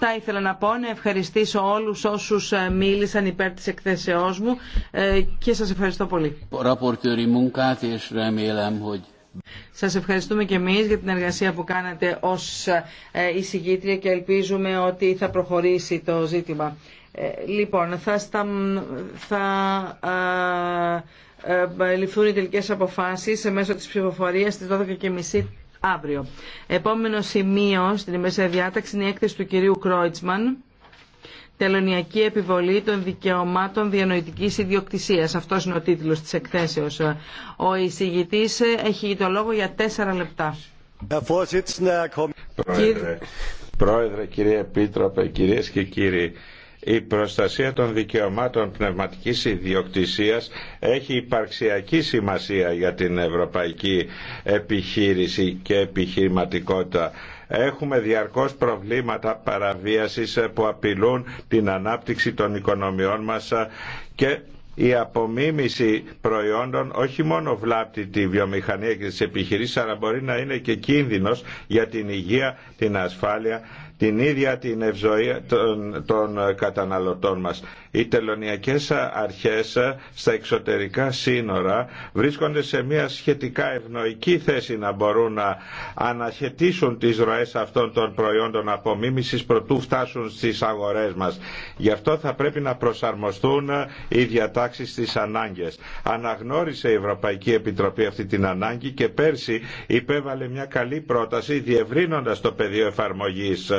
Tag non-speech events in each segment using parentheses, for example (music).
Αυτά ήθελα να πω. Να ευχαριστήσω όλους όσους ε, μίλησαν υπέρ τη εκθέσεω μου ε, και σας ευχαριστώ πολύ. Σας ευχαριστούμε και εμείς για την εργασία που κάνατε ως ε, εισηγήτρια και ελπίζουμε ότι θα προχωρήσει το ζήτημα. Λοιπόν, θα, στα, θα ε, ληφθούν οι τελικές αποφάσεις μέσω της ψηφοφορίας στις 12.30 αύριο. Επόμενο σημείο στην ημερήσια διάταξη είναι η έκθεση του κυρίου Κρόιτσμαν. Τελωνιακή επιβολή των δικαιωμάτων διανοητική ιδιοκτησία. Αυτός είναι ο τίτλος της εκθέσεως. Ο εισηγητή έχει το λόγο για τέσσερα λεπτά. Πρόεδρε, Κύριε... Πρόεδρε κύριε κυρίες και κύριοι, η προστασία των δικαιωμάτων πνευματικής ιδιοκτησίας έχει υπαρξιακή σημασία για την ευρωπαϊκή επιχείρηση και επιχειρηματικότητα. Έχουμε διαρκώς προβλήματα παραβίασης που απειλούν την ανάπτυξη των οικονομιών μας και η απομίμηση προϊόντων όχι μόνο βλάπτει τη βιομηχανία και τις επιχειρήσεις αλλά μπορεί να είναι και κίνδυνος για την υγεία, την ασφάλεια την ίδια την ευζοία των, καταναλωτών μας. Οι τελωνιακές αρχές στα εξωτερικά σύνορα βρίσκονται σε μια σχετικά ευνοϊκή θέση να μπορούν να αναχαιτήσουν τις ροές αυτών των προϊόντων απομίμησης προτού φτάσουν στις αγορές μας. Γι' αυτό θα πρέπει να προσαρμοστούν οι διατάξεις στις ανάγκες. Αναγνώρισε η Ευρωπαϊκή Επιτροπή αυτή την ανάγκη και πέρσι υπέβαλε μια καλή πρόταση διευρύνοντας το πεδίο εφαρμογής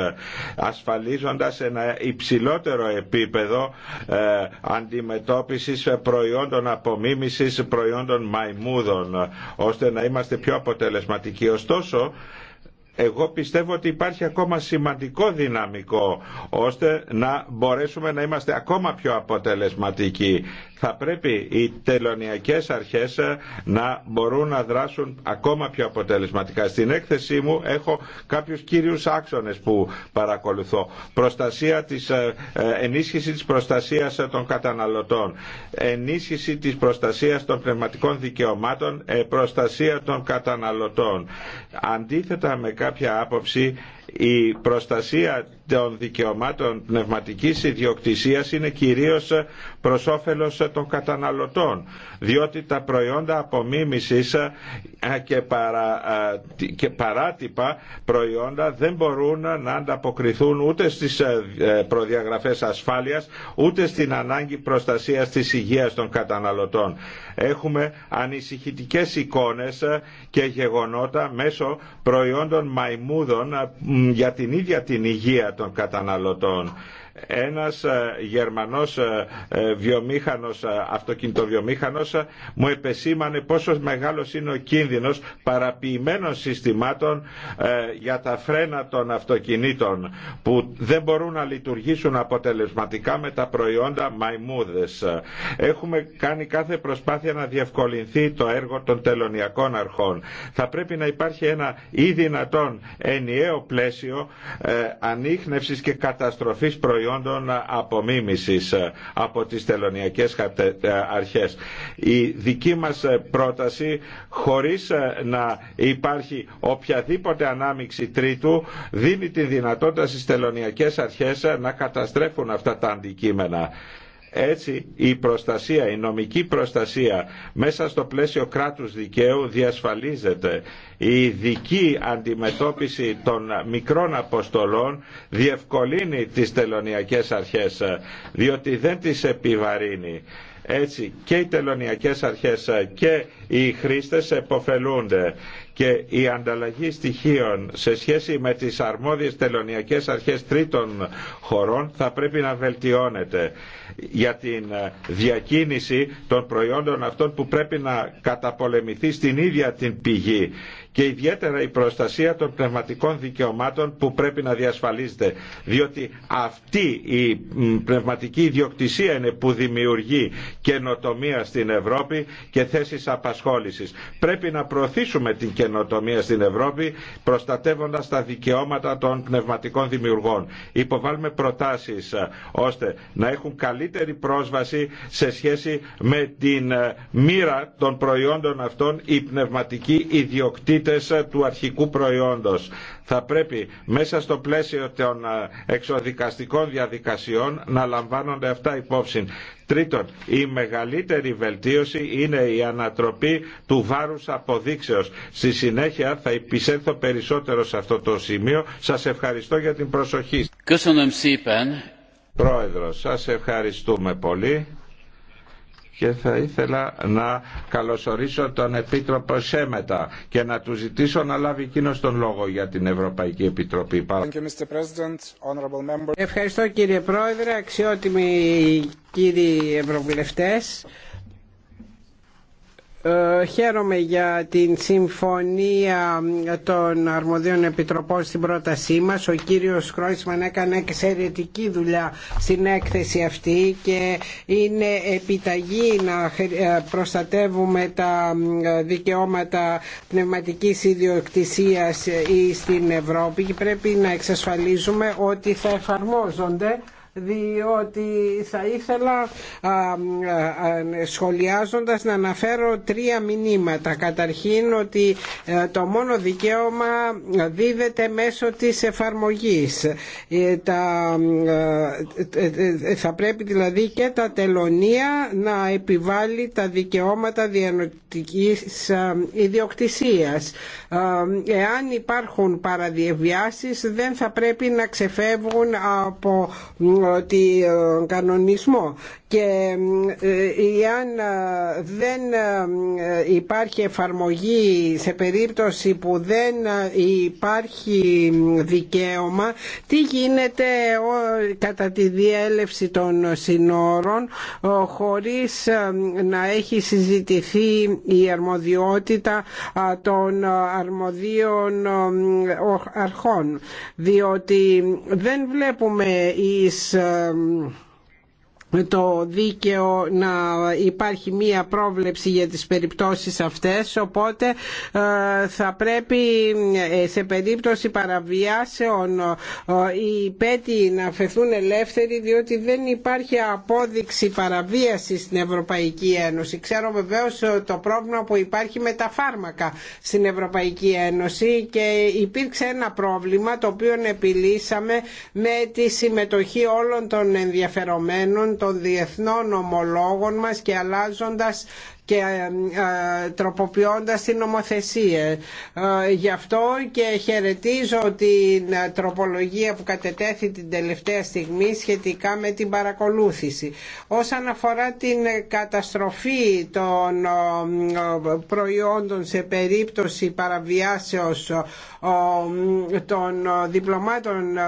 ασφαλίζοντας ένα υψηλότερο επίπεδο ε, αντιμετώπισης προϊόντων απομίμησης, προϊόντων μαϊμούδων, ώστε να είμαστε πιο αποτελεσματικοί. Ωστόσο, εγώ πιστεύω ότι υπάρχει ακόμα σημαντικό δυναμικό ώστε να μπορέσουμε να είμαστε ακόμα πιο αποτελεσματικοί θα πρέπει οι τελωνιακές αρχές ε, να μπορούν να δράσουν ακόμα πιο αποτελεσματικά. Στην έκθεσή μου έχω κάποιους κύριους άξονες που παρακολουθώ. Προστασία της, ε, ε, ενίσχυσης της προστασίας των καταναλωτών, ενίσχυση της προστασίας των πνευματικών δικαιωμάτων, προστασία των καταναλωτών. Αντίθετα με κάποια άποψη η προστασία των δικαιωμάτων πνευματικής ιδιοκτησίας είναι κυρίως προς όφελος των καταναλωτών διότι τα προϊόντα απομίμησης ε, και, παρα, ε, και παράτυπα προϊόντα δεν μπορούν να ανταποκριθούν ούτε στις ε, προδιαγραφές ασφάλειας ούτε στην ανάγκη προστασίας της υγείας των καταναλωτών. Έχουμε ανησυχητικές εικόνες και γεγονότα μέσω προϊόντων μαϊμούδων για την ίδια την υγεία των καταναλωτών ένας ε, Γερμανός ε, ε, βιομήχανος, αυτοκινητοβιομήχανος μου επεσήμανε πόσο μεγάλος είναι ο κίνδυνος παραποιημένων συστημάτων για τα φρένα των αυτοκινήτων που δεν μπορούν να λειτουργήσουν αποτελεσματικά με τα προϊόντα μαϊμούδες. Έχουμε κάνει κάθε προσπάθεια να διευκολυνθεί το έργο των τελωνιακών αρχών. Θα πρέπει να υπάρχει ένα ή δυνατόν ενιαίο πλαίσιο ανείχνευσης και καταστροφής προϊόντων προϊόντων απομίμησης ε, από τις τελωνιακές ε, αρχές. Η δική μας ε, πρόταση χωρίς να υπάρχει οποιαδήποτε ανάμειξη τρίτου δίνει τη δυνατότητα στις τελωνιακές αρχές να καταστρέφουν αυτά τα αντικείμενα. Έτσι η προστασία, η νομική προστασία μέσα στο πλαίσιο κράτους δικαίου διασφαλίζεται. Η ειδική αντιμετώπιση των μικρών αποστολών διευκολύνει τις τελωνιακές αρχές, διότι δεν τις επιβαρύνει. Έτσι και οι τελωνιακές αρχές και οι χρήστες εποφελούνται και η ανταλλαγή στοιχείων σε σχέση με τις αρμόδιες τελωνιακές αρχές τρίτων χωρών θα πρέπει να βελτιώνεται για την ε, διακίνηση των προϊόντων αυτών που πρέπει να καταπολεμηθεί στην ίδια την πηγή και ιδιαίτερα η προστασία των πνευματικών δικαιωμάτων που πρέπει να διασφαλίζεται. Διότι αυτή η πνευματική ιδιοκτησία είναι που δημιουργεί καινοτομία στην Ευρώπη και θέσεις απασχόλησης. Πρέπει να προωθήσουμε την καινοτομία στην Ευρώπη προστατεύοντας τα δικαιώματα των πνευματικών δημιουργών. Υποβάλουμε προτάσεις ε, ώστε να έχουν καλύτερη πρόσβαση σε σχέση με την ε, μοίρα των προϊόντων αυτών η πνευματική ιδιοκτήτη του αρχικού προϊόντος. Θα πρέπει μέσα στο πλαίσιο των ε, εξοδικαστικών διαδικασιών να λαμβάνονται αυτά υπόψη. Τρίτον, η μεγαλύτερη βελτίωση είναι η ανατροπή του βάρους αποδείξεως. Στη συνέχεια θα επισέλθω περισσότερο σε αυτό το σημείο. Σας ευχαριστώ για την προσοχή. Πρόεδρος, σας ευχαριστούμε πολύ και θα ήθελα να καλωσορίσω τον Επίτροπο Σέμετα και να του ζητήσω να λάβει εκείνο τον λόγο για την Ευρωπαϊκή Επιτροπή. Ευχαριστώ κύριε Πρόεδρε, αξιότιμοι κύριοι Ευρωβουλευτές. Ε, χαίρομαι για την συμφωνία των αρμοδίων επιτροπών στην πρότασή μας. Ο κύριος Κρόισμαν έκανε εξαιρετική δουλειά στην έκθεση αυτή και είναι επιταγή να ε, προστατεύουμε τα ε, δικαιώματα πνευματικής ιδιοκτησίας στην Ευρώπη και πρέπει να εξασφαλίζουμε ότι θα εφαρμόζονται διότι θα ήθελα σχολιάζοντας να αναφέρω τρία μηνύματα. Καταρχήν ότι ε, το μόνο δικαίωμα δίδεται μέσω της εφαρμογής. Ε, τα, ε, θα πρέπει δηλαδή και τα τελωνία να επιβάλλει τα δικαιώματα διανοητικής ιδιοκτησίας. Εάν υπάρχουν παραδιευιάσεις δεν θα πρέπει να ξεφεύγουν από ότι κανονισμό και αν ε, ε, δεν ε, υπάρχει εφαρμογή σε περίπτωση που δεν υπάρχει δικαίωμα τι γίνεται κατά τη διέλευση των συνόρων χωρίς να έχει συζητηθεί η αρμοδιότητα των αρμοδίων αρχών διότι δεν βλέπουμε εις τις ε, το δίκαιο να υπάρχει μία πρόβλεψη για τις περιπτώσεις αυτές οπότε ε, θα πρέπει ε, σε περίπτωση παραβιάσεων ε, οι πέτοι να φεθούν ελεύθεροι διότι δεν υπάρχει απόδειξη παραβίαση στην Ευρωπαϊκή Ένωση. Ξέρω βεβαίως το πρόβλημα που υπάρχει με τα φάρμακα στην Ευρωπαϊκή Ένωση και υπήρξε ένα πρόβλημα το οποίο επιλύσαμε με τη συμμετοχή όλων των ενδιαφερομένων των διεθνών ομολόγων μας και αλλάζοντας και ε, ε, τροποποιώντας την νομοθεσία. Ε, γι' αυτό και χαιρετίζω την τροπολογία που κατετέθη την τελευταία στιγμή σχετικά με την παρακολούθηση. Όσον αφορά την καταστροφή των προϊόντων σε περίπτωση παραβιάσεως των διπλωμάτων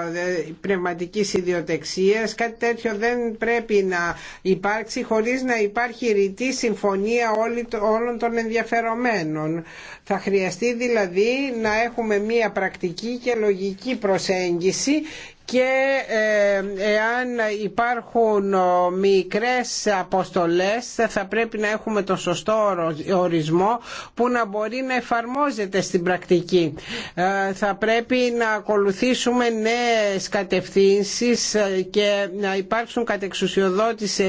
πνευματικής ιδιοτεξίας, κάτι τέτοιο δεν πρέπει να υπάρξει χωρίς να υπάρχει ρητή συμφωνία όλων των ενδιαφερομένων. Θα χρειαστεί δηλαδή να έχουμε μία πρακτική και λογική προσέγγιση και ε, εάν υπάρχουν μικρές αποστολές θα πρέπει να έχουμε το σωστό ορισμό που να μπορεί να εφαρμόζεται στην πρακτική. Ε, θα πρέπει να ακολουθήσουμε νέες κατευθύνσεις ε, και να υπάρξουν κατεξουσιοδότης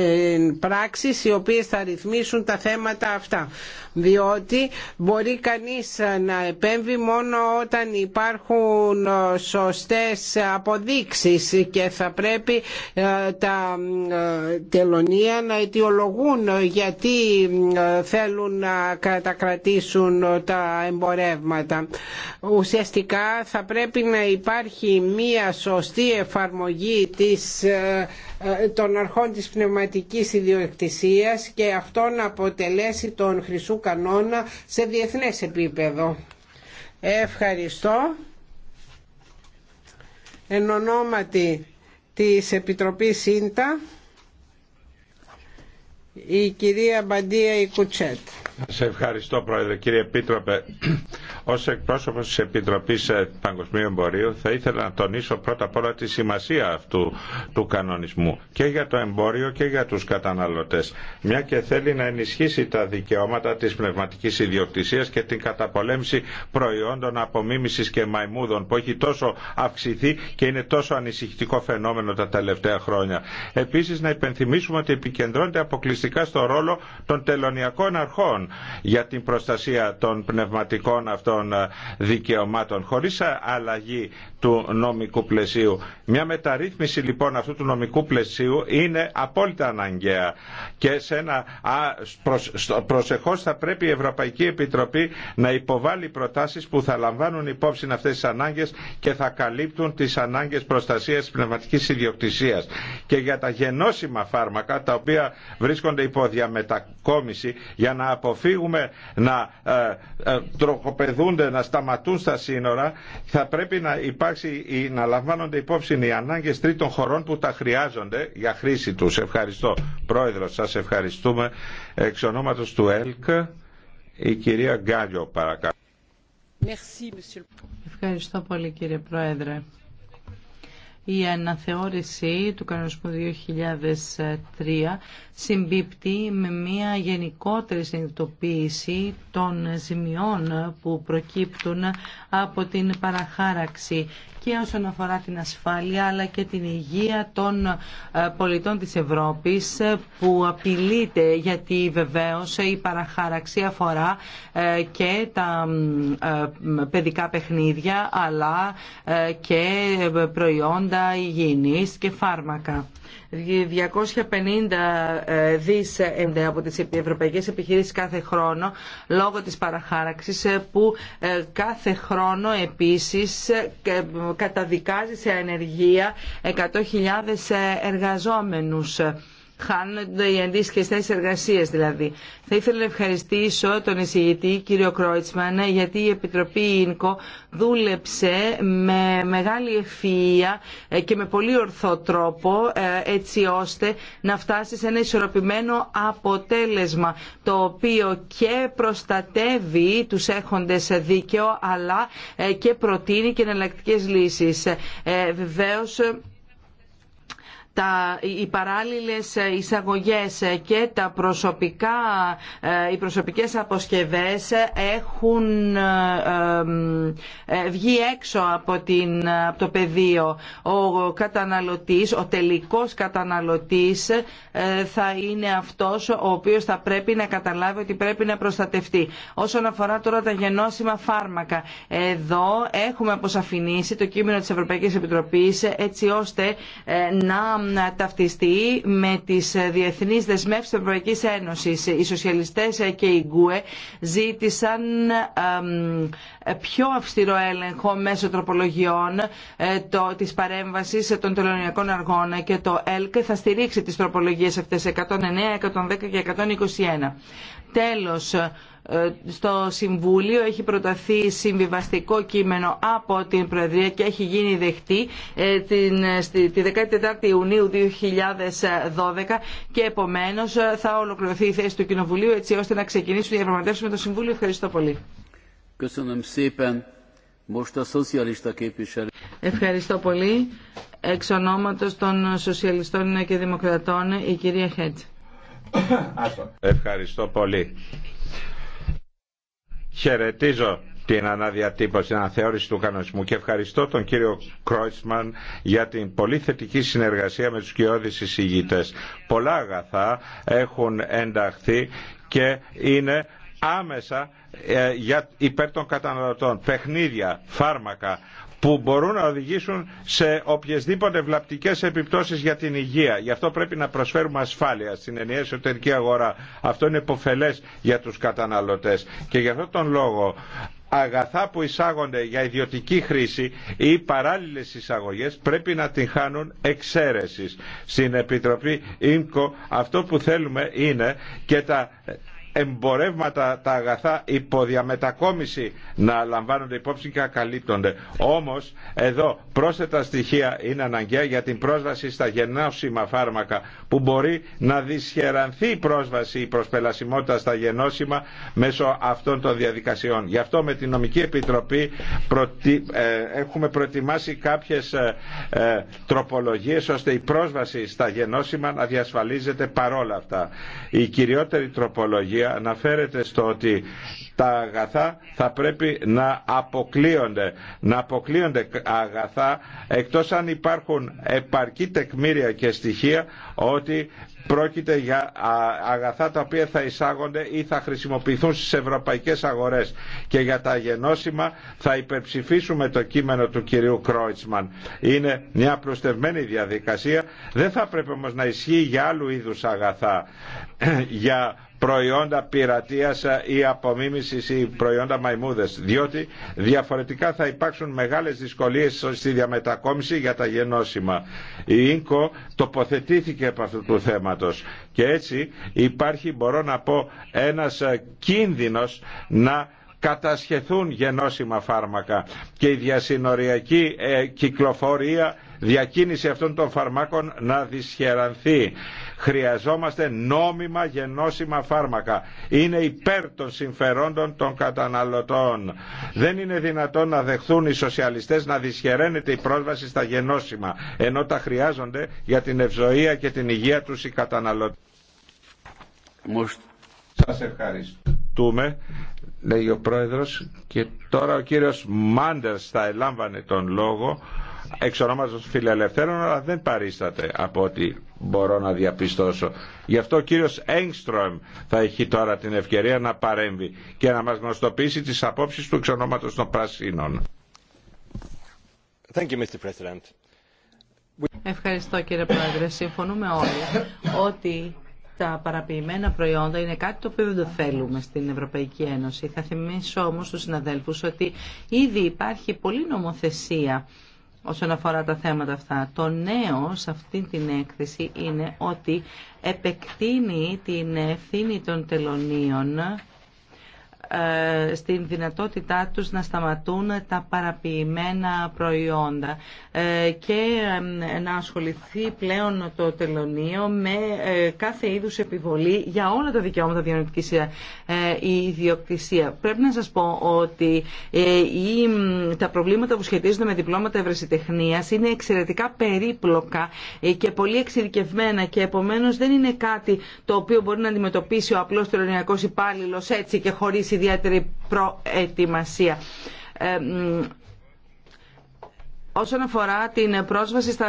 πράξεις οι οποίες θα ρυθμίσουν τα θέματα αυτά. Διότι μπορεί κανείς να επέμβει μόνο όταν υπάρχουν σωστές αποδείξεις και θα πρέπει ε, τα ε, τελωνία να αιτιολογούν ε, γιατί θέλουν να κατακρατήσουν τα εμπορεύματα. Ουσιαστικά θα πρέπει να υπάρχει μία σωστή εφαρμογή της των αρχών της πνευματικής ιδιοκτησίας και αυτό να αποτελέσει τον χρυσού κανόνα σε διεθνές επίπεδο. Ευχαριστώ εν ονόματι της Επιτροπής ΣΥΝΤΑ η κυρία Μπαντία Ικουτσέτ. Σε ευχαριστώ Πρόεδρε. Κύριε Επίτροπε, ως εκπρόσωπος της Επιτροπής ε, Παγκοσμίου Εμπορίου θα ήθελα να τονίσω πρώτα απ' όλα τη σημασία αυτού του κανονισμού και για το εμπόριο και για τους καταναλωτές. Μια και θέλει να ενισχύσει τα δικαιώματα της πνευματικής ιδιοκτησίας και την καταπολέμηση προϊόντων απομίμησης και μαϊμούδων που έχει τόσο αυξηθεί και είναι τόσο ανησυχητικό φαινόμενο τα τελευταία χρόνια. Επίσης να υπενθυμίσουμε ότι επικεντρώνεται αποκλειστικά στο ρόλο των τελωνιακών αρχών για την προστασία των πνευματικών αυτών των δικαιωμάτων χωρίς αλλαγή του νομικού πλαισίου. Μια μεταρρύθμιση λοιπόν αυτού του νομικού πλαισίου είναι απόλυτα αναγκαία και σε ένα προσεχώς θα πρέπει η Ευρωπαϊκή Επιτροπή να υποβάλει προτάσεις που θα λαμβάνουν υπόψη αυτές τις ανάγκες και θα καλύπτουν τις ανάγκες προστασίας πνευματικής ιδιοκτησίας. Και για τα γενώσιμα φάρμακα τα οποία βρίσκονται υπό διαμετακόμιση για να αποφύγουμε να ε, ε τροχοπεδούνται, να σταματούν στα σύνορα θα πρέπει να Εντάξει, να λαμβάνονται υπόψη οι ανάγκε τρίτων χωρών που τα χρειάζονται για χρήση τους. Ευχαριστώ. Πρόεδρο, σας ευχαριστούμε. Εξ του ΕΛΚ, η κυρία Γκάλιο παρακαλώ. Ευχαριστώ πολύ κύριε Πρόεδρε. Η αναθεώρηση του κανονισμού 2003 συμπίπτει με μια γενικότερη συνειδητοποίηση των ζημιών που προκύπτουν από την παραχάραξη και όσον αφορά την ασφάλεια αλλά και την υγεία των ε, πολιτών της Ευρώπης ε, που απειλείται γιατί βεβαίως η παραχάραξη αφορά ε, και τα παιδικά παιχνίδια αλλά και προϊόντα υγιεινής και φάρμακα. 250 ε, δις από τις ευρωπαϊκές επιχειρήσεις κάθε χρόνο λόγω της παραχάραξης ε, που ε, κάθε χρόνο επίσης καταδικάζει σε ανεργία 100.000 εργαζόμενους χάνονται οι αντίστοιχε θέσει εργασία δηλαδή. Θα ήθελα να ευχαριστήσω τον εισηγητή κύριο Κρόιτσμαν γιατί η Επιτροπή ΙΝΚΟ δούλεψε με μεγάλη ευφυΐα ε, και με πολύ ορθό τρόπο ε, έτσι ώστε να φτάσει σε ένα ισορροπημένο αποτέλεσμα το οποίο και προστατεύει τους έχοντες δίκαιο αλλά ε, και προτείνει και εναλλακτικέ λύσεις. Βεβαίως τα, οι παράλληλες εισαγωγές και τα προσωπικά, ε, οι προσωπικές αποσκευές έχουν ε, ε, βγει έξω από, την, από το πεδίο. Ο καταναλωτής, ο τελικός καταναλωτής θα είναι αυτός ο οποίος θα πρέπει να καταλάβει ότι πρέπει να προστατευτεί. Όσον αφορά τώρα τα γενώσιμα φάρμακα, εδώ έχουμε αποσαφηνίσει το κείμενο της Ευρωπαϊκής Επιτροπής έτσι ώστε να ταυτιστεί με τις διεθνείς δεσμεύσεις της Ευρωπαϊκή Ένωσης. Οι σοσιαλιστές και οι Γκουε ζήτησαν πιο αυστηρό έλεγχο μέσω τροπολογιών ε, το, της παρέμβασης των τελωνιακών αργών και το ΕΛΚ θα στηρίξει τις τροπολογίες αυτές 109, 110 και 121. Τέλος, ε, στο Συμβούλιο έχει προταθεί συμβιβαστικό κείμενο από την Προεδρία και έχει γίνει δεχτή ε, ε, τη 14η Ιουνίου 2012 και επομένως θα ολοκληρωθεί η θέση του Κοινοβουλίου έτσι ώστε να ξεκινήσουν οι διαπραγματεύσεις με το Συμβούλιο. Ευχαριστώ πολύ. Ευχαριστώ πολύ. Εξ ονόματος των Σοσιαλιστών και Δημοκρατών, η κυρία Χέτ. Ευχαριστώ πολύ. Χαιρετίζω την αναδιατύπωση, την αναθεώρηση του κανονισμού και ευχαριστώ τον κύριο Κρόισμαν για την πολύ θετική συνεργασία με τους κοιόδης εισηγητές. Πολλά αγαθά έχουν ενταχθεί και είναι άμεσα ε, για υπέρ των καταναλωτών. Παιχνίδια, φάρμακα, που μπορούν να οδηγήσουν σε οποιασδήποτε βλαπτικές επιπτώσεις για την υγεία. Γι' αυτό πρέπει να προσφέρουμε ασφάλεια στην ενιαία εσωτερική αγορά. Αυτό είναι υποφελέ για τους καταναλωτές. Και γι' αυτόν τον λόγο αγαθά που εισάγονται για ιδιωτική χρήση ή παράλληλες εισαγωγές πρέπει να την χάνουν εξαίρεσης. Στην Επιτροπή ΙΜΚΟ αυτό που θέλουμε είναι και τα εμπορεύματα, τα αγαθά υποδιαμετακόμιση να λαμβάνονται υπόψη και να καλύπτονται. Όμως εδώ πρόσθετα στοιχεία είναι αναγκαία για την πρόσβαση στα γενώσιμα φάρμακα που μπορεί να δυσχερανθεί η πρόσβαση, η προσπελασιμότητα στα γενώσιμα μέσω αυτών των διαδικασιών. Γι' αυτό με την Νομική Επιτροπή ε, έχουμε προετοιμάσει κάποιες ε, ε ώστε η πρόσβαση στα γενώσιμα να διασφαλίζεται παρόλα αυτά. Η κυριότερη τροπολογία Βιβλία αναφέρεται στο ότι τα αγαθά θα πρέπει να αποκλείονται. Να αποκλείονται αγαθά εκτός αν υπάρχουν επαρκή τεκμήρια και στοιχεία ότι πρόκειται για αγαθά τα οποία θα εισάγονται ή θα χρησιμοποιηθούν στις ευρωπαϊκές αγορές και για τα γενώσιμα θα υπερψηφίσουμε το κείμενο του κυρίου Κρόιτσμαν. Είναι μια προστευμένη διαδικασία, δεν θα πρέπει όμως να ισχύει για άλλου είδους αγαθά, (clears throat) για προϊόντα πειρατείας ε, ή απομίμησης ή προϊόντα μαϊμούδες διότι διαφορετικά θα υπάρξουν μεγάλες δυσκολίες στη διαμετακόμιση για τα γενώσιμα. Η ΙΝΚΟ τοποθετήθηκε από αυτού του θέματος και έτσι υπάρχει μπορώ να πω ένας ε, κίνδυνος να κατασχεθούν γενώσιμα φάρμακα και η διασυνοριακή ε, κυκλοφορία διακίνηση αυτών των φαρμάκων να δυσχερανθεί. Χρειαζόμαστε νόμιμα γενώσιμα φάρμακα. Είναι υπέρ των συμφερόντων των καταναλωτών. Δεν είναι δυνατόν να δεχθούν οι σοσιαλιστές να δυσχεραίνεται η πρόσβαση στα γενώσιμα, ενώ τα χρειάζονται για την ευζοία και την υγεία τους οι καταναλωτές. Σας ευχαριστούμε, λέει ο Πρόεδρος. Και τώρα ο κύριος Μάντερς θα ελάμβανε τον λόγο εξ ονόματος φιλελευθέρων αλλά δεν παρίσταται από ό,τι μπορώ να διαπιστώσω. Γι' αυτό ο κύριος Έγκστρομ θα έχει τώρα την ευκαιρία να παρέμβει και να μας γνωστοποιήσει τις απόψεις του εξ των Πρασίνων. Ευχαριστώ κύριε Πρόεδρε. Συμφωνούμε όλοι ότι τα παραποιημένα προϊόντα είναι κάτι το οποίο δεν το θέλουμε στην Ευρωπαϊκή Ένωση. Θα θυμίσω όμως τους συναδέλφους ότι ήδη υπάρχει πολλή νομοθεσία όσον αφορά τα θέματα αυτά. Το νέο σε αυτή την έκθεση είναι ότι επεκτείνει την ευθύνη των τελωνίων ε, στην δυνατότητά τους να σταματούν τα παραποιημένα προϊόντα ε, και ε, να ασχοληθεί πλέον το τελωνίο με κάθε είδους επιβολή για όλα τα δικαιώματα διανοητικής η ιδιοκτησία. Πρέπει να σας πω ότι τα προβλήματα που σχετίζονται με διπλώματα ευρεσιτεχνίας είναι εξαιρετικά περίπλοκα και πολύ εξειδικευμένα και επομένως δεν είναι κάτι το οποίο μπορεί να αντιμετωπίσει ο απλός τελωνιακός υπάλληλο έτσι και χωρίς ιδιαίτερη προετοιμασία. Ε, όσον αφορά την πρόσβαση στα,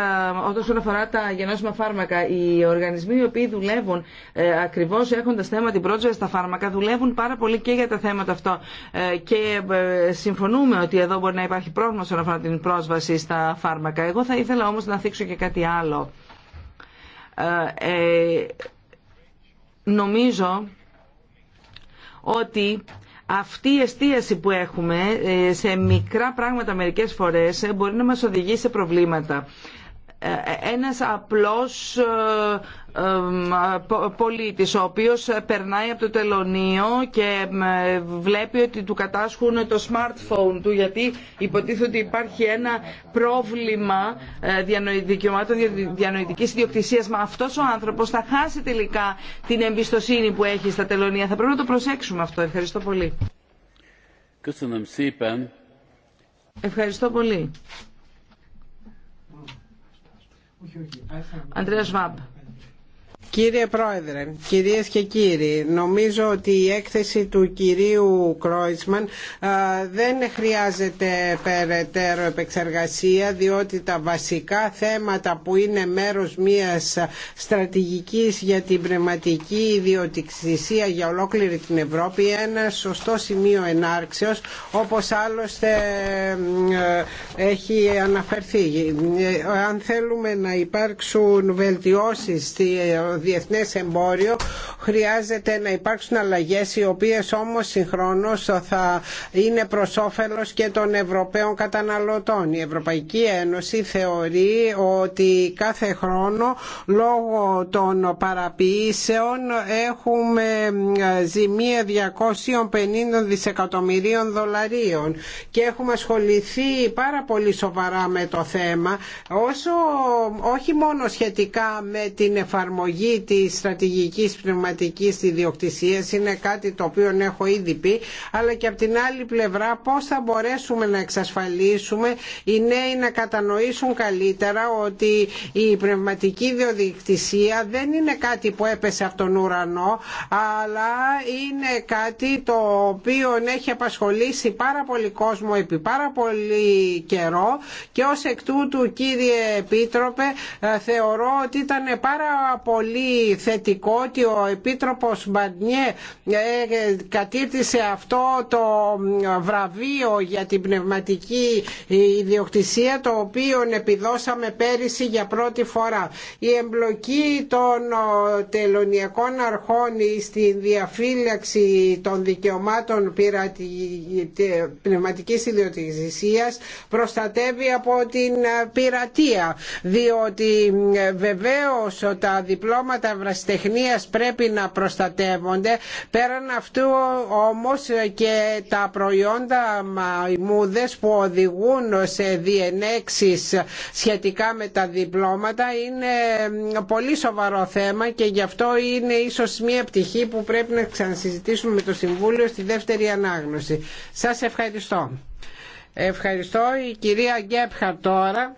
όσον αφορά τα γενώσιμα φάρμακα, οι οργανισμοί οι οποίοι δουλεύουν ε, ακριβώς έχοντα θέμα την πρόσβαση στα φάρμακα δουλεύουν πάρα πολύ και για τα θέματα αυτό ε, και ε, συμφωνούμε ότι εδώ μπορεί να υπάρχει πρόβλημα όσον αφορά την πρόσβαση στα φάρμακα. Εγώ θα ήθελα όμω να θίξω και κάτι άλλο. Ε, νομίζω ότι αυτή η εστίαση που έχουμε ε, σε μικρά πράγματα μερικές φορές ε, μπορεί να μας οδηγεί σε προβλήματα. Ε, ένας απλός ε, ε, πολίτης ο οποίος περνάει από το τελωνίο και βλέπει ότι του κατάσχουν το smartphone του γιατί υποτίθεται ότι υπάρχει ένα πρόβλημα δικαιωμάτων διανοητικής ιδιοκτησίας μα αυτός ο άνθρωπος θα χάσει τελικά την εμπιστοσύνη που έχει στα τελωνία θα πρέπει να το προσέξουμε αυτό ευχαριστώ πολύ Ευχαριστώ πολύ Ανδρέας Βάμπ. Κύριε Πρόεδρε, κυρίες και κύριοι, νομίζω ότι η έκθεση του κυρίου Κρόισμαν δεν χρειάζεται περαιτέρω επεξεργασία διότι τα βασικά θέματα που είναι μέρος μιας στρατηγικής για την πνευματική ιδιωτικησία για ολόκληρη την Ευρώπη ένα σωστό σημείο ενάρξεως όπως άλλωστε έχει αναφερθεί. Αν θέλουμε να υπάρξουν βελτιώσεις στη διεθνές εμπόριο χρειάζεται να υπάρξουν αλλαγές οι οποίες όμως συγχρόνως θα είναι προς όφελος και των Ευρωπαίων καταναλωτών. Η Ευρωπαϊκή Ένωση θεωρεί ότι κάθε χρόνο λόγω των παραποιήσεων έχουμε ε, ζημία 250 δισεκατομμυρίων δολαρίων και έχουμε ασχοληθεί πάρα πολύ σοβαρά με το θέμα όσο όχι μόνο σχετικά με την εφαρμογή Τη της στρατηγικής πνευματικής ιδιοκτησίας είναι κάτι το οποίο έχω ήδη πει αλλά και από την άλλη πλευρά πώς θα μπορέσουμε να εξασφαλίσουμε οι νέοι να κατανοήσουν καλύτερα ότι η πνευματική ιδιοκτησία δεν είναι κάτι που έπεσε από τον ουρανό αλλά είναι κάτι το οποίο έχει απασχολήσει πάρα πολύ κόσμο επί πάρα πολύ καιρό και ως εκ τούτου κύριε Επίτροπε ε, θεωρώ ότι ήταν πάρα πολύ πολύ θετικό ότι ο Επίτροπος μπανιέ ε, κατήρτισε αυτό το βραβείο για την πνευματική ιδιοκτησία το οποίο επιδώσαμε πέρυσι για πρώτη φορά. Η εμπλοκή των τελωνιακών αρχών στη διαφύλαξη των δικαιωμάτων πειρατη... πνευματικής ιδιοκτησίας προστατεύει από την πειρατεία διότι ε, βεβαίως τα διπλώματα δικαιώματα βραστεχνίας πρέπει να προστατεύονται πέραν αυτού όμως και τα προϊόντα μαϊμούδες που οδηγούν σε διενέξεις σχετικά με τα διπλώματα είναι πολύ σοβαρό θέμα και γι' αυτό είναι ίσως μια πτυχή που πρέπει να ξανασυζητήσουμε με το Συμβούλιο στη δεύτερη ανάγνωση. Σας ευχαριστώ. Ευχαριστώ η κυρία Γκέπχα τώρα.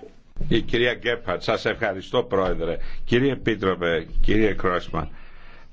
Η κυρία Γκέπχαρτ, σας ευχαριστώ πρόεδρε. Κύριε Επίτροπε, κύριε Κρόσμα.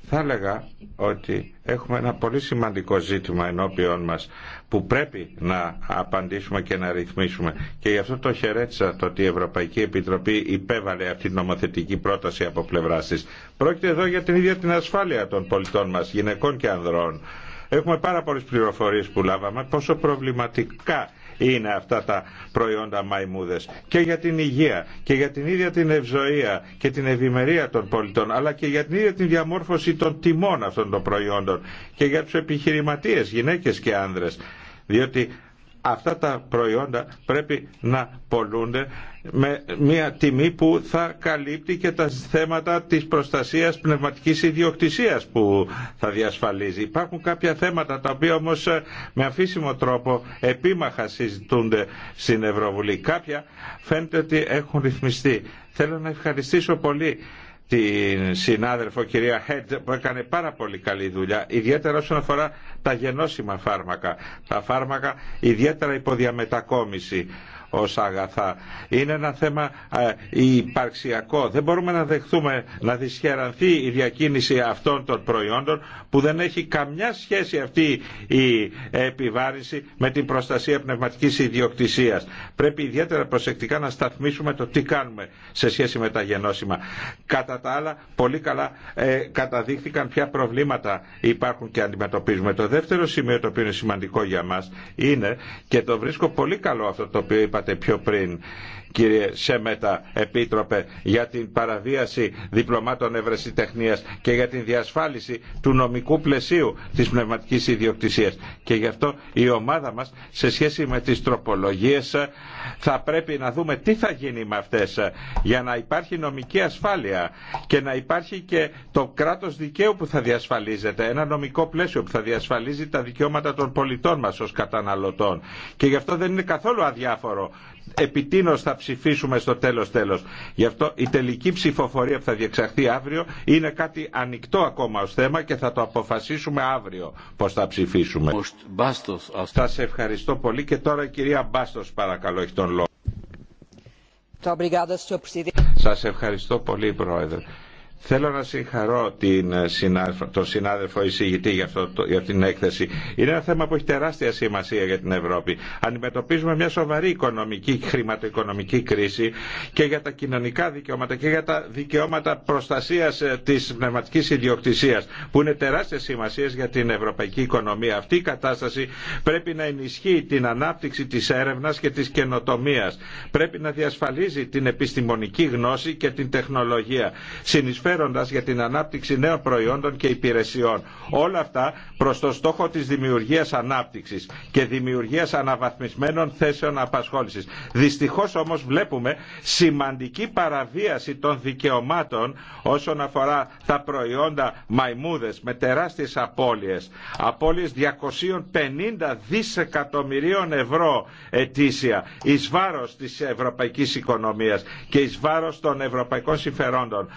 θα έλεγα ότι έχουμε ένα πολύ σημαντικό ζήτημα ενώπιον μας που πρέπει να απαντήσουμε και να ρυθμίσουμε. Και γι' αυτό το χαιρέτησα το ότι η Ευρωπαϊκή Επιτροπή υπέβαλε αυτή την νομοθετική πρόταση από πλευρά τη. Πρόκειται εδώ για την ίδια την ασφάλεια των πολιτών μας, γυναικών και ανδρών. Έχουμε πάρα πολλές πληροφορίες που λάβαμε πόσο προβληματικά είναι αυτά τα προϊόντα μαϊμούδες και για την υγεία και για την ίδια την ευζοία και την ευημερία των πολιτών αλλά και για την ίδια την διαμόρφωση των τιμών αυτών των προϊόντων και για τους επιχειρηματίες, γυναίκες και άνδρες διότι αυτά τα προϊόντα πρέπει να πολλούνται με μια τιμή που θα καλύπτει και τα θέματα της προστασίας πνευματικής ιδιοκτησίας που θα διασφαλίζει. Υπάρχουν κάποια θέματα τα οποία όμως ε, με αφήσιμο τρόπο επίμαχα συζητούνται στην Ευρωβουλή. Κάποια φαίνεται ότι έχουν ρυθμιστεί. Θέλω να ευχαριστήσω πολύ την συνάδελφο κυρία Χέντ που έκανε πάρα πολύ καλή δουλειά, ιδιαίτερα όσον αφορά τα γενώσιμα φάρμακα. Τα φάρμακα ιδιαίτερα υποδιαμετακόμιση ως αγαθά. Είναι ένα θέμα υπαρξιακό. Δεν μπορούμε να δεχθούμε να δυσχερανθεί η διακίνηση αυτών των προϊόντων που δεν έχει καμιά σχέση αυτή η επιβάρηση με την προστασία πνευματικής ιδιοκτησίας. Πρέπει ιδιαίτερα προσεκτικά να σταθμίσουμε το τι κάνουμε σε σχέση με τα γενώσιμα. Κατά τα άλλα, πολύ καλά ε, καταδείχθηκαν ποια προβλήματα υπάρχουν και αντιμετωπίζουμε. Το δεύτερο σημείο το οποίο είναι σημαντικό για μας είναι και το βρίσκω πολύ καλό αυτό το οποίο είπατε είπατε πιο πριν κύριε Σέμετα, Επίτροπε, για την παραβίαση διπλωμάτων ευρεσιτεχνίας και για την διασφάλιση του νομικού πλαισίου της πνευματικής ιδιοκτησίας. Και γι' αυτό η ομάδα μας σε σχέση με τις τροπολογίες θα πρέπει να δούμε τι θα γίνει με αυτές για να υπάρχει νομική ασφάλεια και να υπάρχει και το κράτος δικαίου που θα διασφαλίζεται, ένα νομικό πλαίσιο που θα διασφαλίζει τα δικαιώματα των πολιτών μας ως καταναλωτών. Και γι' αυτό δεν είναι καθόλου αδιάφορο επιτείνω θα ψηφίσουμε στο τέλος τέλος. Γι' αυτό η τελική ψηφοφορία που θα διεξαχθεί αύριο είναι κάτι ανοιχτό ακόμα ως θέμα και θα το αποφασίσουμε αύριο πώς θα ψηφίσουμε. Θα σε ευχαριστώ πολύ και τώρα η κυρία Μπάστος παρακαλώ έχει τον λόγο. Σας ευχαριστώ πολύ Πρόεδρε. Θέλω να συγχαρώ την ε, τον συνάδελφο εισηγητή για, αυτό, για την έκθεση. Είναι ένα θέμα που έχει τεράστια σημασία για την Ευρώπη. Αντιμετωπίζουμε μια σοβαρή οικονομική, χρηματοοικονομική κρίση και για τα κοινωνικά δικαιώματα και για τα δικαιώματα προστασία ε, τη πνευματική ιδιοκτησία, που είναι τεράστια σημασία για την ευρωπαϊκή οικονομία. Αυτή η κατάσταση πρέπει να ενισχύει την ανάπτυξη τη έρευνα και τη καινοτομία. Πρέπει να διασφαλίζει την επιστημονική γνώση και την τεχνολογία για την ανάπτυξη νέων προϊόντων και υπηρεσιών. Όλα αυτά προς το στόχο της δημιουργίας ανάπτυξης και δημιουργίας αναβαθμισμένων θέσεων απασχόλησης. Δυστυχώς όμως βλέπουμε σημαντική παραβίαση των δικαιωμάτων όσον αφορά τα προϊόντα μαϊμούδες με τεράστιες απώλειες. Απώλειες 250 δισεκατομμυρίων ευρώ ετήσια εις βάρος της ευρωπαϊκής και εις βάρος των ευρωπαϊκών συμφερόντων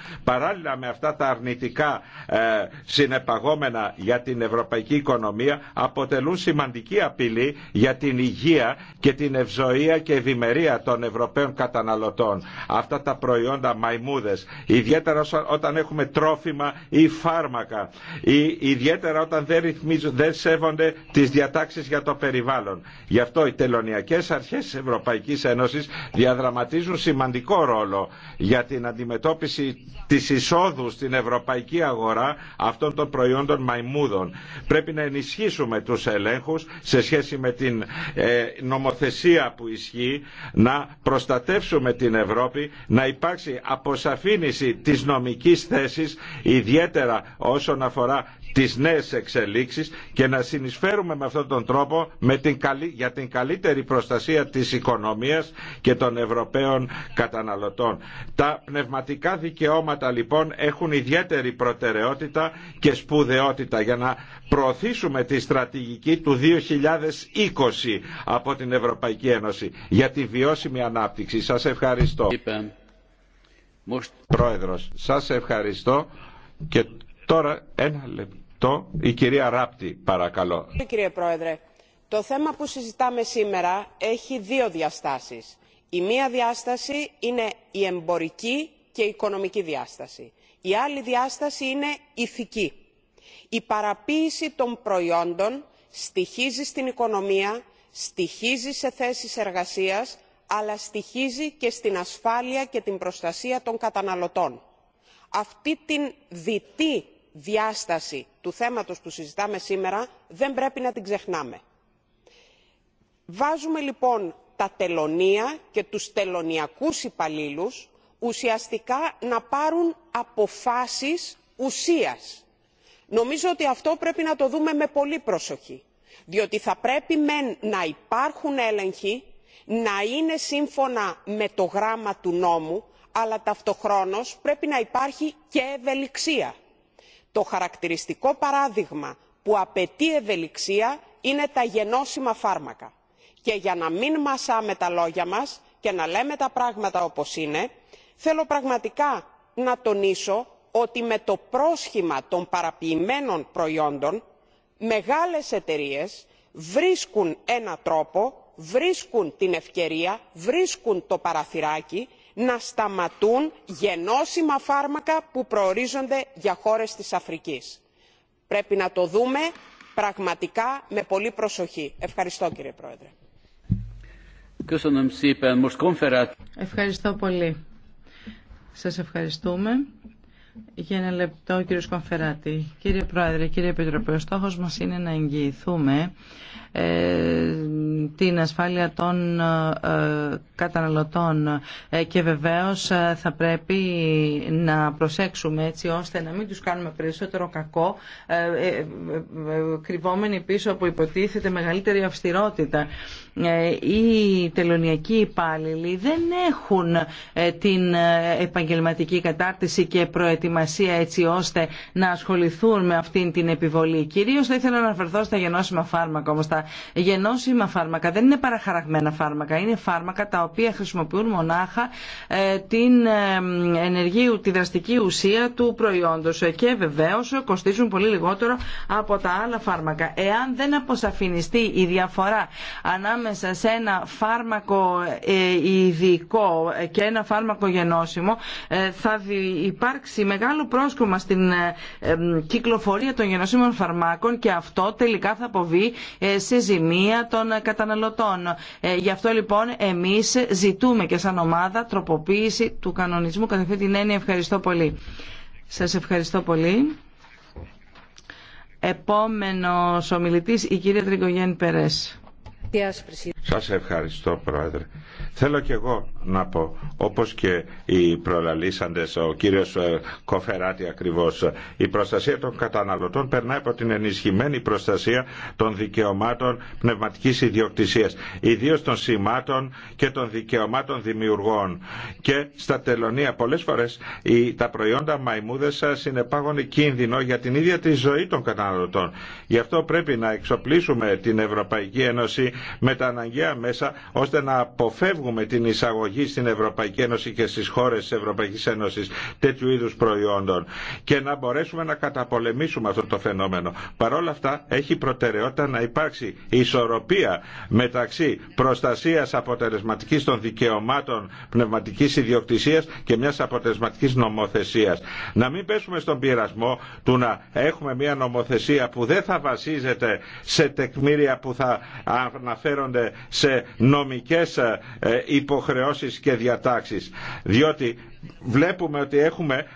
με αυτά τα αρνητικά ε, συνεπαγόμενα για την ευρωπαϊκή οικονομία αποτελούν σημαντική απειλή για την υγεία και την ευζοία και ευημερία των Ευρωπαίων καταναλωτών. Αυτά τα προϊόντα μαϊμούδες, ιδιαίτερα όταν έχουμε τρόφιμα ή φάρμακα, ή ιδιαίτερα όταν δεν, δεν σέβονται τις διατάξεις για το περιβάλλον. Γι' αυτό οι τελωνιακές αρχές της Ευρωπαϊκής Ένωσης διαδραματίζουν σημαντικό ρόλο για την αντιμετώπιση της εισόδου στην ευρωπαϊκή αγορά αυτών των προϊόντων μαϊμούδων. Πρέπει να ενισχύσουμε τους ελέγχους σε σχέση με την ε, νομοθεσία που ισχύει, να προστατεύσουμε την Ευρώπη, να υπάρξει αποσαφήνιση της νομικής θέσης, ιδιαίτερα όσον αφορά τις νέες εξελίξεις και να συνεισφέρουμε με αυτόν τον τρόπο με την καλή, για την καλύτερη προστασία της οικονομίας και των Ευρωπαίων καταναλωτών. Τα πνευματικά δικαιώματα λοιπόν έχουν ιδιαίτερη προτεραιότητα και σπουδαιότητα για να προωθήσουμε τη στρατηγική του 2020 από την Ευρωπαϊκή Ένωση για τη βιώσιμη ανάπτυξη. Σας ευχαριστώ. Πρόεδρος, σας ευχαριστώ και τώρα ένα λεπτό αυτό. Η κυρία Ράπτη, παρακαλώ. Κύριε Πρόεδρε, το θέμα που συζητάμε σήμερα έχει δύο διαστάσεις. Η μία διάσταση είναι η εμπορική και η οικονομική διάσταση. Η άλλη διάσταση είναι ηθική. Η παραποίηση των προϊόντων στοιχίζει στην οικονομία, στοιχίζει σε θέσεις εργασίας, αλλά στοιχίζει και στην ασφάλεια και την προστασία των καταναλωτών. Αυτή την διτή διάσταση του θέματος που συζητάμε σήμερα δεν πρέπει να την ξεχνάμε. βάζουμε λοιπόν τα τελωνία και τους τελωνειακούς υπαλλήλους ουσιαστικά να πάρουν αποφάσεις ουσίας. νομίζω ότι αυτό πρέπει να το δούμε με πολύ προσοχή διότι θα πρέπει μεν να υπάρχουν έλεγχοι να είναι σύμφωνα με το γράμμα του νόμου αλλά ταυτοχρόνως πρέπει να υπάρχει και ευελιξία το χαρακτηριστικό παράδειγμα που απαιτεί ευελιξία είναι τα γενώσιμα φάρμακα και για να μην μασάμε τα λόγια μας και να λέμε τα πράγματα όπως είναι θέλω πραγματικά να τονίσω ότι με το πρόσχημα των παραποιημένων προϊόντων μεγάλες εταιρείες βρίσκουν ένα τρόπο βρίσκουν την ευκαιρία βρίσκουν το παραθυράκι να σταματούν γενώσιμα φάρμακα που προορίζονται για χώρες της αφρικής. πρέπει να το δούμε πραγματικά με πολύ προσοχή. ευχαριστώ κύριε πρόεδρε. Ευχαριστώ πολύ. Σας ευχαριστούμε. Για ένα λεπτό, κύριε Σκοφεράτη. Κύριε Πρόεδρε, κύριε Επιτροπή, ο στόχος μας είναι να εγγυηθούμε ε, την ασφάλεια των ε, καταναλωτών ε, και βεβαίως θα πρέπει να προσέξουμε έτσι ώστε να μην τους κάνουμε περισσότερο κακό κρυβόμενοι πίσω από υποτίθεται μεγαλύτερη αυστηρότητα. Ε, οι τελωνιακοί υπάλληλοι δεν έχουν ε, την ε, επαγγελματική κατάρτιση και προετοιμασία έτσι ώστε να ασχοληθούν με αυτήν την επιβολή. Κυρίως θα ήθελα να αναφερθώ στα γενώσιμα φάρμακα Όμω. Τα γενώσιμα φάρμακα δεν είναι παραχαραγμένα φάρμακα, είναι φάρμακα τα οποία χρησιμοποιούν μονάχα την ενεργή, τη δραστική ουσία του προϊόντος και βεβαίω κοστίζουν πολύ λιγότερο από τα άλλα φάρμακα. Εάν δεν αποσαφινιστεί η διαφορά ανάμεσα ανάμεσα σε ένα φάρμακο ε, ειδικό και ένα φάρμακο γενώσιμο ε, θα υπάρξει μεγάλο πρόσκομα στην ε, κυκλοφορία των γενώσιμων φαρμάκων και αυτό τελικά θα αποβεί σε ζημία των καταναλωτών. Γι' αυτό λοιπόν εμείς ζητούμε και σαν ομάδα τροποποίηση του κανονισμού. Κατά αυτή την έννοια ευχαριστώ πολύ. Σας ευχαριστώ πολύ. Επόμενος ομιλητής η κυρία Τρικογέννη Περές. Σας ευχαριστώ Πρόεδρε. Θέλω κι εγώ να πω, όπως και οι προλαλήσαντες, ο κύριος ε, Κοφεράτη ακριβώς, η προστασία των καταναλωτών περνάει από την ενισχυμένη προστασία των δικαιωμάτων πνευματικής ιδιοκτησίας, ιδίως των σημάτων και των δικαιωμάτων δημιουργών. Και στα τελωνία πολλές φορές τα προϊόντα μαϊμούδες πάγονη κίνδυνο για την ίδια τη ζωή των καταναλωτών. Γι' αυτό πρέπει να εξοπλίσουμε την Ευρωπαϊκή Ένωση με τα αναγκαία μέσα ώστε να αποφεύγουμε την εισαγωγή στην Ευρωπαϊκή Ένωση και στις χώρες της Ευρωπαϊκής Ένωσης τέτοιου είδους προϊόντων και να μπορέσουμε να καταπολεμήσουμε αυτό το φαινόμενο. Παρ' όλα αυτά έχει προτεραιότητα να υπάρξει ισορροπία μεταξύ προστασίας αποτελεσματικής των δικαιωμάτων πνευματικής ιδιοκτησίας και μιας αποτελεσματικής νομοθεσίας. Να μην πέσουμε στον πειρασμό του να έχουμε μια νομοθεσία που δεν θα βασίζεται σε τεκμήρια που θα αναφέρονται σε νομικές ε, υποχρεώσεις και διατάξεις. Διότι βλέπουμε ότι έχουμε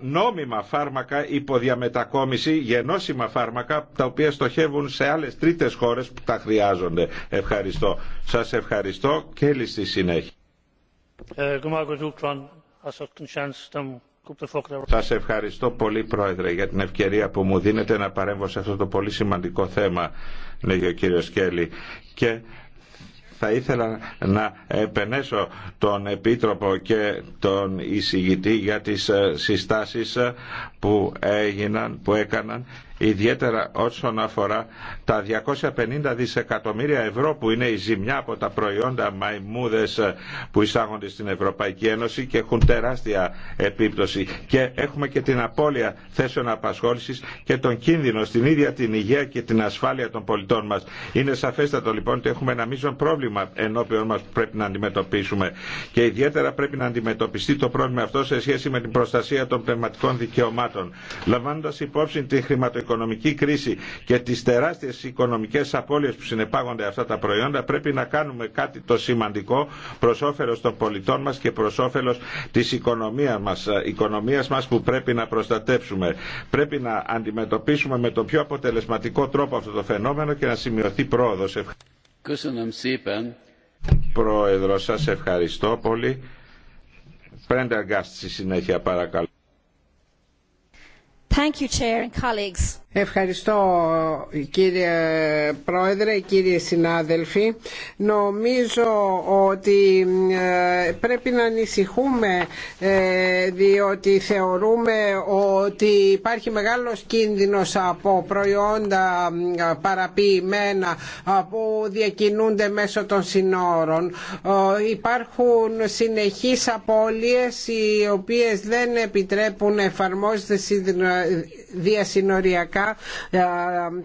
νόμιμα φάρμακα υποδιαμετακόμιση, γενώσιμα φάρμακα, τα οποία στοχεύουν σε άλλες τρίτες χώρες που τα χρειάζονται. Ευχαριστώ. Σας ευχαριστώ και στη συνέχεια. Ε, Σας ευχαριστώ πολύ Πρόεδρε για την ευκαιρία που μου δίνετε να παρέμβω σε αυτό το πολύ σημαντικό θέμα, λέγει ο κύριος Κέλλη. Και θα ήθελα να επενέσω τον Επίτροπο και τον εισηγητή για τις ε, συστάσεις ε, που έγιναν, που έκαναν ιδιαίτερα όσον αφορά τα 250 δισεκατομμύρια ευρώ που είναι η ζημιά από τα προϊόντα μαϊμούδες ε, που εισάγονται στην Ευρωπαϊκή Ένωση και έχουν τεράστια επίπτωση. Και έχουμε και την απώλεια θέσεων απασχόλησης και τον κίνδυνο στην ίδια την υγεία και την ασφάλεια των πολιτών μας. Είναι σαφέστατο λοιπόν ότι έχουμε ένα μείζον πρόβλημα ενώπιον μας που πρέπει να αντιμετωπίσουμε. Και ιδιαίτερα πρέπει να αντιμετωπιστεί το πρόβλημα αυτό σε σχέση με την προστασία των πνευματικών δικαιωμάτων. Λαμβάνοντας υπόψη τη χρηματοοικονομική οικονομική κρίση και τις τεράστιες οικονομικές απώλειες που συνεπάγονται αυτά τα προϊόντα πρέπει να κάνουμε κάτι το σημαντικό προς όφελος των πολιτών μας και προς όφελος της οικονομίας μας, ε, οικονομίας μας που πρέπει να προστατεύσουμε. Πρέπει να αντιμετωπίσουμε με τον πιο αποτελεσματικό τρόπο αυτό το φαινόμενο και να σημειωθεί πρόοδος. Πρόεδρο, σας ευχαριστώ πολύ. στη συνέχεια παρακαλώ. Ευχαριστώ κύριε Πρόεδρε, κύριε συνάδελφοι. Νομίζω ότι ε, πρέπει να ανησυχούμε ε, διότι θεωρούμε ότι υπάρχει μεγάλος κίνδυνος από προϊόντα ε, παραποιημένα που διακινούνται μέσω των συνόρων. Υπάρχουν συνεχείς απώλειες οι οποίες δεν επιτρέπουν να εφαρμόζεται είναι διασυνοριακά ε,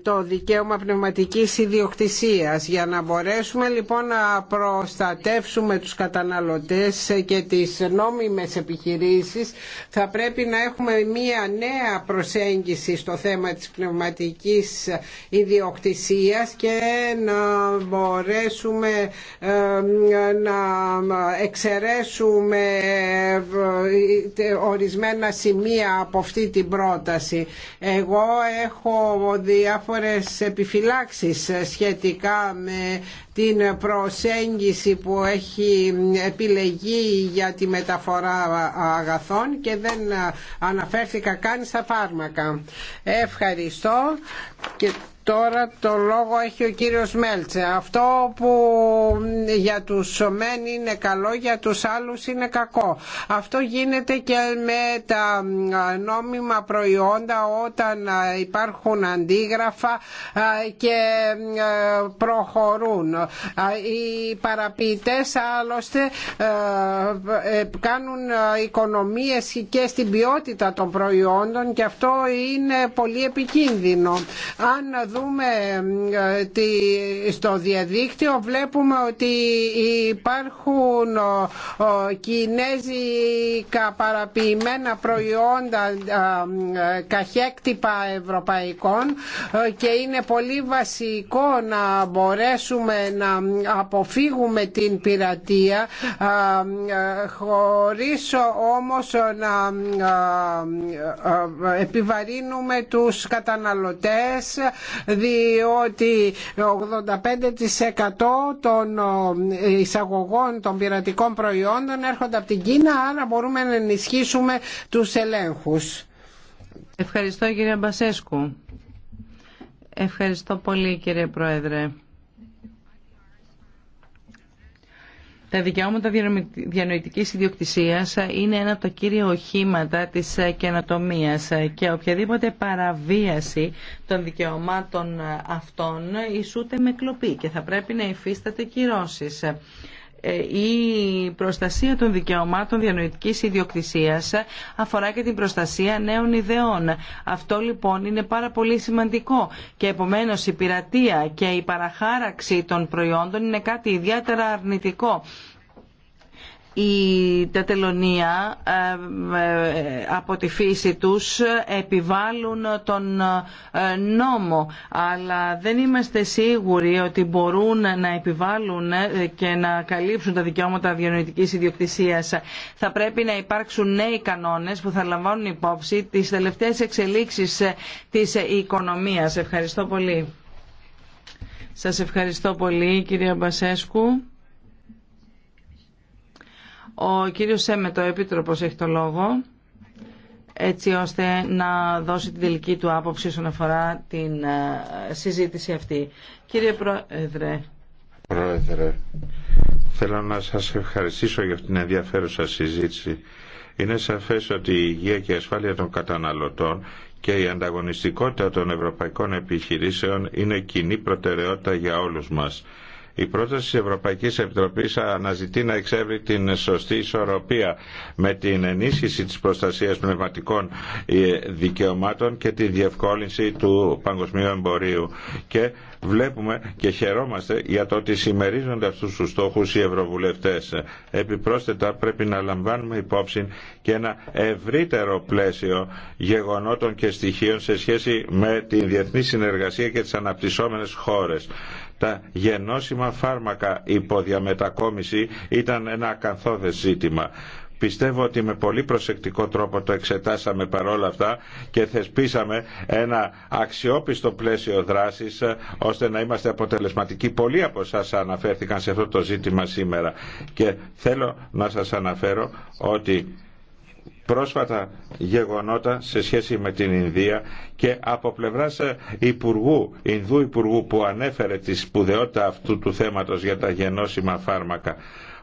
το δικαίωμα πνευματικής ιδιοκτησίας για να μπορέσουμε λοιπόν να προστατεύσουμε τους καταναλωτές και τις νόμιμες επιχειρήσεις θα πρέπει να έχουμε μία νέα προσέγγιση στο θέμα της πνευματικής ιδιοκτησίας και να μπορέσουμε ε, να εξαιρέσουμε ε, ορισμένα σημεία από αυτή την πρόταση εγώ έχω διάφορες επιφυλάξεις σχετικά με την προσέγγιση που έχει επιλεγεί για τη μεταφορά αγαθών και δεν αναφέρθηκα καν στα φάρμακα. Ευχαριστώ. Τώρα το λόγο έχει ο κύριος Μέλτσε. Αυτό που για τους μεν είναι καλό, για τους άλλους είναι κακό. Αυτό γίνεται και με τα νόμιμα προϊόντα όταν υπάρχουν αντίγραφα και προχωρούν. Οι παραποιητές άλλωστε ε, κάνουν οικονομίες και στην ποιότητα των προϊόντων και αυτό είναι πολύ επικίνδυνο. Αν δούμε ε, στο διαδίκτυο βλέπουμε ότι υπάρχουν κινέζικα παραποιημένα προϊόντα ε, ε, καχέκτυπα ευρωπαϊκών και είναι πολύ βασικό να μπορέσουμε να αποφύγουμε την πειρατεία χωρίς όμως να επιβαρύνουμε τους καταναλωτές διότι 85% των ε, εισαγωγών των πειρατικών προϊόντων έρχονται από την Κίνα άρα μπορούμε να ενισχύσουμε τους ελέγχους. Ευχαριστώ κύριε Μπασέσκου. Ευχαριστώ πολύ κύριε Πρόεδρε. Τα δικαιώματα διανοητικής ιδιοκτησία είναι ένα από τα κύρια οχήματα της καινοτομία και οποιαδήποτε παραβίαση των δικαιωμάτων αυτών ισούται με κλοπή και θα πρέπει να υφίσταται κυρώσεις. Ε, η προστασία των δικαιωμάτων διανοητικής ιδιοκτησίας αφορά και την προστασία νέων ιδεών. Αυτό λοιπόν είναι πάρα πολύ σημαντικό και επομένως η πειρατεία και η παραχάραξη των προϊόντων είναι κάτι ιδιαίτερα αρνητικό η, τα ε, ε, από τη φύση τους επιβάλλουν τον ε, νόμο αλλά δεν είμαστε σίγουροι ότι μπορούν να επιβάλλουν και να καλύψουν τα δικαιώματα διανοητικής ιδιοκτησίας. Θα πρέπει να υπάρξουν νέοι κανόνες που θα λαμβάνουν υπόψη τις τελευταίες εξελίξεις της οικονομίας. Ευχαριστώ πολύ. Σας ευχαριστώ πολύ κυρία Μπασέσκου. Ο κύριος Σέμετο, επίτροπος, έχει το λόγο έτσι ώστε να δώσει την τελική του άποψη όσον αφορά την ε, συζήτηση αυτή. Κύριε Πρόεδρε. Πρόεδρε, θέλω να σας ευχαριστήσω για αυτήν την ενδιαφέρουσα συζήτηση. Είναι σαφές ότι η υγεία και η ασφάλεια των καταναλωτών και η ανταγωνιστικότητα των ευρωπαϊκών επιχειρήσεων είναι κοινή προτεραιότητα για όλους μας. Η πρόταση της Ευρωπαϊκής Επιτροπής αναζητεί να εξεύρει την σωστή ισορροπία με την ενίσχυση της προστασίας πνευματικών ε, δικαιωμάτων και τη διευκόλυνση του παγκοσμίου εμπορίου. Και βλέπουμε και χαιρόμαστε για το ότι συμμερίζονται αυτούς τους στόχους οι ευρωβουλευτές. Επιπρόσθετα πρέπει να λαμβάνουμε υπόψη και ένα ευρύτερο πλαίσιο γεγονότων και στοιχείων σε σχέση με τη διεθνή συνεργασία και τις αναπτυσσόμενες χώρες. Τα γενώσιμα φάρμακα διαμετακόμιση ήταν ένα ακαθόδες ζήτημα. Πιστεύω ότι με πολύ προσεκτικό τρόπο το εξετάσαμε παρόλα αυτά και θεσπίσαμε ένα αξιόπιστο πλαίσιο δράσης ώστε να είμαστε αποτελεσματικοί. Πολλοί από εσά αναφέρθηκαν σε αυτό το ζήτημα σήμερα και θέλω να σας αναφέρω ότι πρόσφατα γεγονότα σε σχέση με την Ινδία και από πλευράς ε, Υπουργού, Ινδού Υπουργού που ανέφερε τη σπουδαιότητα αυτού του θέματος για τα γενώσιμα φάρμακα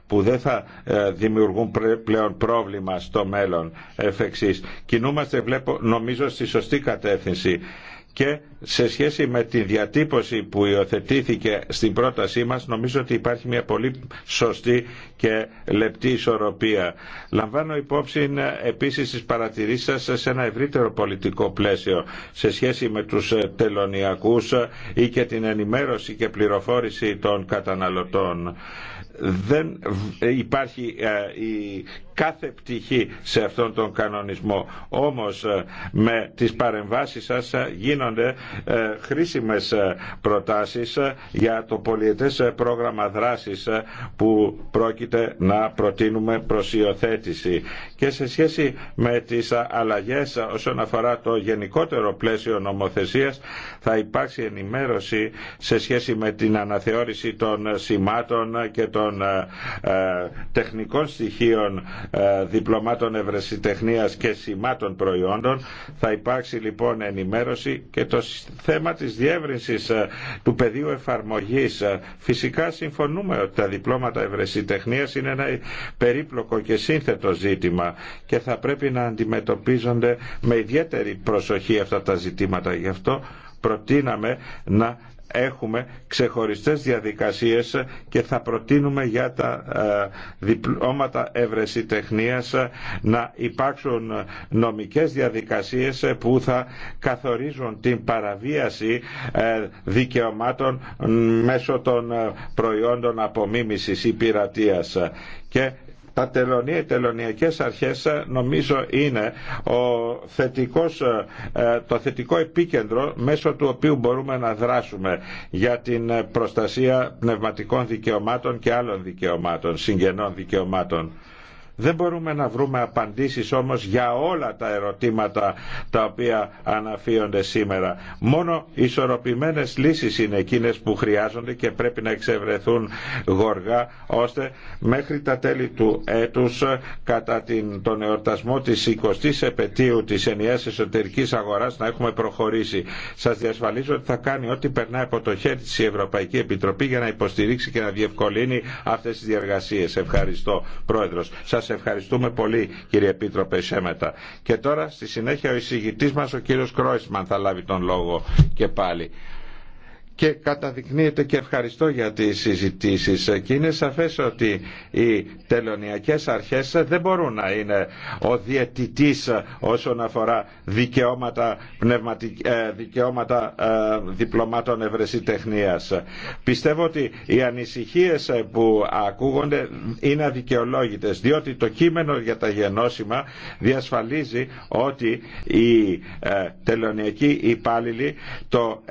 που δεν θα ε, δημιουργούν πλέον πρόβλημα στο μέλλον εφ' εξής. Κινούμαστε βλέπω νομίζω στη σωστή κατεύθυνση και σε σχέση με τη διατύπωση που υιοθετήθηκε στην πρότασή μας νομίζω ότι υπάρχει μια πολύ σωστή και λεπτή ισορροπία. Λαμβάνω υπόψη ε, επίσης τις παρατηρήσεις σας σε ένα ευρύτερο πολιτικό πλαίσιο σε σχέση με τους ε, τελωνιακούς ε, ή και την ενημέρωση και πληροφόρηση των καταναλωτών δεν υπάρχει κάθε πτυχή σε αυτόν τον κανονισμό. Όμως ε, με τις παρεμβάσεις σας ε, γίνονται ε, χρήσιμες προτάσεις για το πολιετές πρόγραμμα δράσης που πρόκειται να προτείνουμε προσιοθέτηση. Και σε σχέση με τις αλλαγές όσον αφορά το γενικότερο πλαίσιο νομοθεσίας θα υπάρξει ενημέρωση σε σχέση με την αναθεώρηση των σημάτων και των τεχνικών στοιχείων ε, διπλωμάτων ευρεσιτεχνίας και σημάτων προϊόντων. Θα υπάρξει λοιπόν ενημέρωση και το θέμα της διεύρυνσης ε, του πεδίου εφαρμογής. Ε, φυσικά συμφωνούμε ότι τα διπλώματα ευρεσιτεχνίας είναι ένα περίπλοκο και σύνθετο ζήτημα και θα πρέπει να αντιμετωπίζονται με ιδιαίτερη προσοχή αυτά τα ζητήματα. Γι' αυτό προτείναμε να έχουμε ξεχωριστές διαδικασίες και θα προτείνουμε για τα ε, διπλώματα ευρεσιτεχνίας να υπάρξουν νομικές διαδικασίες που θα καθορίζουν την παραβίαση ε, δικαιωμάτων μέσω των ε, προϊόντων απομίμησης ή πειρατείας και τα τελωνία, οι τελωνιακές αρχές ε, νομίζω είναι ο θετικός, ε, ε, το θετικό επίκεντρο μέσω του οποίου μπορούμε να δράσουμε για την προστασία πνευματικών δικαιωμάτων και άλλων δικαιωμάτων, συγγενών δικαιωμάτων. Δεν μπορούμε να βρούμε απαντήσεις όμως για όλα τα ερωτήματα τα οποία αναφύονται σήμερα. Μόνο ισορροπημένες λύσεις είναι εκείνες που χρειάζονται και πρέπει να εξευρεθούν γοργά ώστε μέχρι τα τέλη του έτους κατά την, τον εορτασμό της 20ης επαιτίου της ενιαίας εσωτερικής αγοράς να έχουμε προχωρήσει. Σας διασφαλίζω ότι θα κάνει ό,τι περνάει από το χέρι της η Ευρωπαϊκή Επιτροπή για να υποστηρίξει και να διευκολύνει αυτές τις διεργασίες. Ευχαριστώ Πρόεδρος. Σας ευχαριστούμε πολύ κύριε Επίτροπε Σέμετα. Και τώρα στη συνέχεια ο εισηγητής μας ο κύριος Κρόισμαν θα λάβει τον λόγο και πάλι και καταδεικνύεται και ευχαριστώ για τις συζητήσεις και είναι σαφές ότι οι τελωνιακές αρχές δεν μπορούν να είναι ο διαιτητής όσον αφορά δικαιώματα, ε, ε, διπλωμάτων ευρεσιτεχνίας. Πιστεύω ότι οι ανησυχίες που ακούγονται είναι αδικαιολόγητες διότι το κείμενο για τα γενώσιμα διασφαλίζει ότι οι ε, τελωνιακοί υπάλληλοι το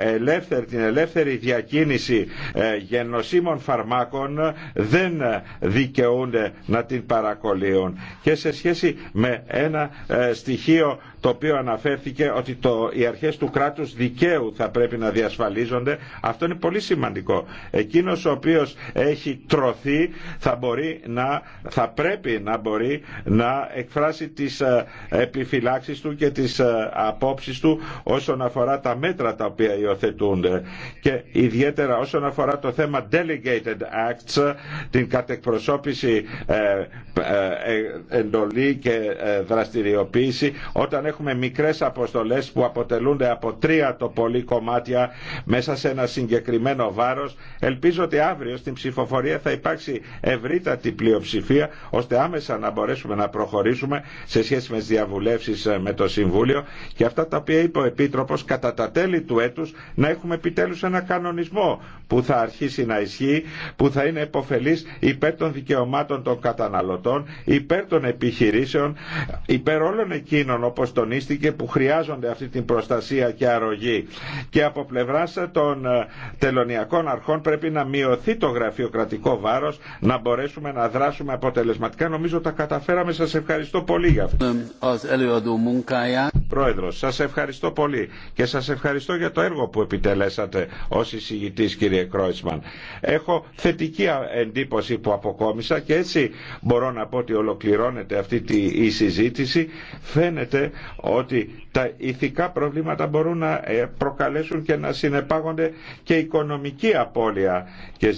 την ελεύθερη ελεύθερη διακίνηση ε, γενοσύμων φαρμάκων δεν δικαιούνται να την παρακολύουν. Και σε σχέση με ένα ε, στοιχείο το οποίο αναφέρθηκε ότι το, οι αρχές του κράτους δικαίου θα πρέπει να διασφαλίζονται. Αυτό είναι πολύ σημαντικό. Εκείνος ο οποίος έχει τρωθεί θα, μπορεί να, θα πρέπει να μπορεί να εκφράσει τις ε, επιφυλάξεις του και τις ε, απόψεις του όσον αφορά τα μέτρα τα οποία υιοθετούνται και ιδιαίτερα όσον αφορά το θέμα delegated acts την κατεκπροσώπηση ε, εντολή και δραστηριοποίηση όταν έχουμε μικρές αποστολές που αποτελούνται από τρία το πολύ κομμάτια μέσα σε ένα συγκεκριμένο βάρος. Ελπίζω ότι αύριο στην ψηφοφορία θα υπάρξει ευρύτατη πλειοψηφία ώστε άμεσα να μπορέσουμε να προχωρήσουμε σε σχέση με τις διαβουλεύσεις ε, με το Συμβούλιο και αυτά τα οποία είπε ο Επίτροπος κατά τα τέλη του έτους να έχουμε επιτέλους ένα κανονισμό που θα αρχίσει να ισχύει, που θα είναι επωφελής υπέρ των δικαιωμάτων των καταναλωτών, υπέρ των επιχειρήσεων, υπέρ όλων εκείνων όπως το τονίστηκε που χρειάζονται αυτή την προστασία και αρρωγή. Και από πλευρά των ε, τελωνιακών αρχών πρέπει να μειωθεί το γραφειοκρατικό βάρος, να μπορέσουμε να δράσουμε αποτελεσματικά. Νομίζω τα καταφέραμε. Σας ευχαριστώ πολύ για αυτό. Πρόεδρο, σας ευχαριστώ πολύ και σας ευχαριστώ για το έργο που επιτελέσατε ως εισηγητής κύριε Κρόισμαν. Έχω θετική εντύπωση που αποκόμισα και έτσι μπορώ να πω ότι ολοκληρώνεται αυτή η συζήτηση. Φαίνεται ότι τα ηθικά προβλήματα μπορούν να ε, προκαλέσουν και να συνεπάγονται και οικονομική απώλεια.